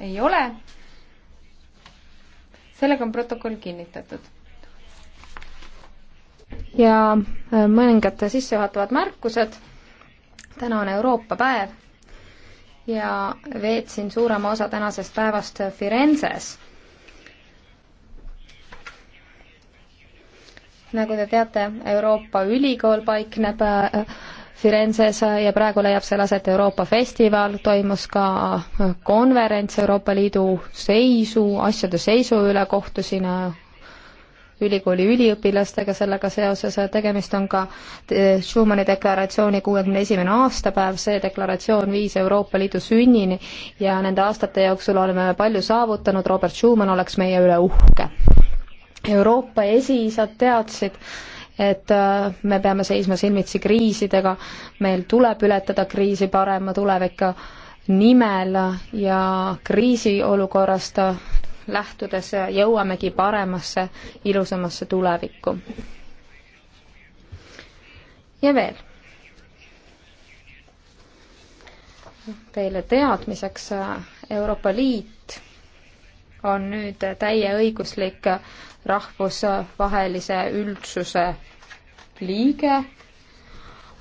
ei ole. sellega on protokoll kinnitatud. ja äh, mõningad sissejuhatavad märkused. täna on Euroopa päev ja veetsin suurema osa tänasest päevast Firenzes. nagu te teate, Euroopa ülikool paikneb äh, Firenzes ja praegu leiab seal aset Euroopa festival, toimus ka konverents Euroopa Liidu seisu, asjade seisu üle, kohtusin äh, ülikooli üliõpilastega sellega seoses, tegemist on ka äh, Schumanni deklaratsiooni kuuekümne esimene aastapäev, see deklaratsioon viis Euroopa Liidu sünnini ja nende aastate jooksul oleme palju saavutanud, Robert Schumann oleks meie üle uhke. Euroopa esiisad teadsid, et äh, me peame seisma silmitsi kriisidega, meil tuleb ületada kriisi parema tuleviku nimel ja kriisiolukorrast lähtudes jõuamegi paremasse, ilusamasse tulevikku. ja veel. Teile teadmiseks, äh, Euroopa Liit on nüüd täieõiguslik rahvusvahelise üldsuse liige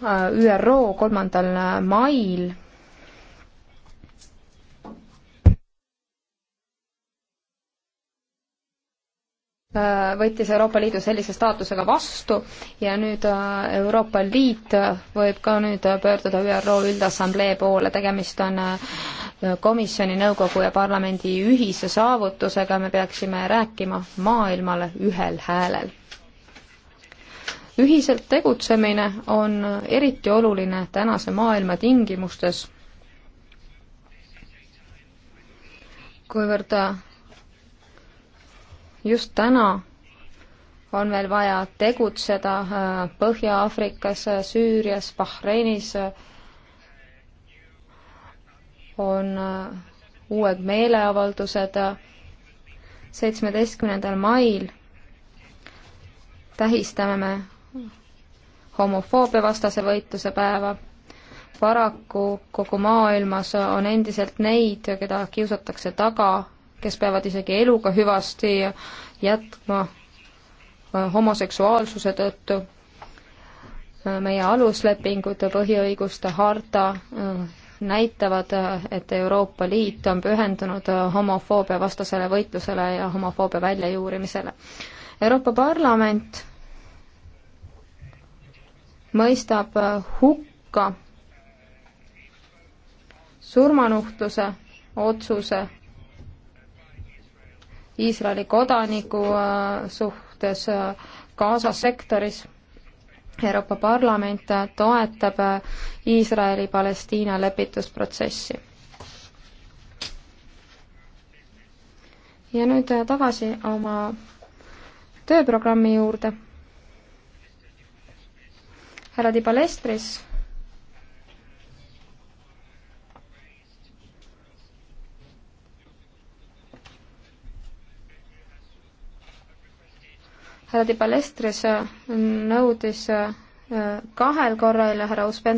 ÜRO kolmandal mail võttis Euroopa Liidu sellise staatusega vastu ja nüüd äh, Euroopa Liit võib ka nüüd pöörduda ÜRO Üldassamblee poole, tegemist on äh, komisjoni, nõukogu ja parlamendi ühise saavutusega me peaksime rääkima maailmale ühel häälel. ühiselt tegutsemine on eriti oluline tänase maailma tingimustes, kuivõrd just täna on meil vaja tegutseda äh, Põhja-Aafrikas, äh, Süürias, Bahreinis, äh, on äh, uued meeleavaldused äh, seitsmeteistkümnendal mail tähistame me homofoobia vastase võitluse päeva. paraku kogu maailmas on endiselt neid, keda kiusatakse taga, kes peavad isegi eluga hüvasti jätma äh, homoseksuaalsuse tõttu. meie aluslepingud, põhiõiguste harta näitavad, et Euroopa Liit on pühendunud homofoobia vastasele võitlusele ja homofoobia väljajuurimisele. Euroopa Parlament mõistab hukka surmanuhtluse otsuse Iisraeli kodaniku äh, suhtes äh, Gaza sektoris Euroopa Parlament toetab Iisraeli-Palestiina lepitusprotsessi. ja nüüd tagasi oma tööprogrammi juurde. härra Tibalestris härra Di Balestris äh, nõudis äh, kahel korral ja härra Uspens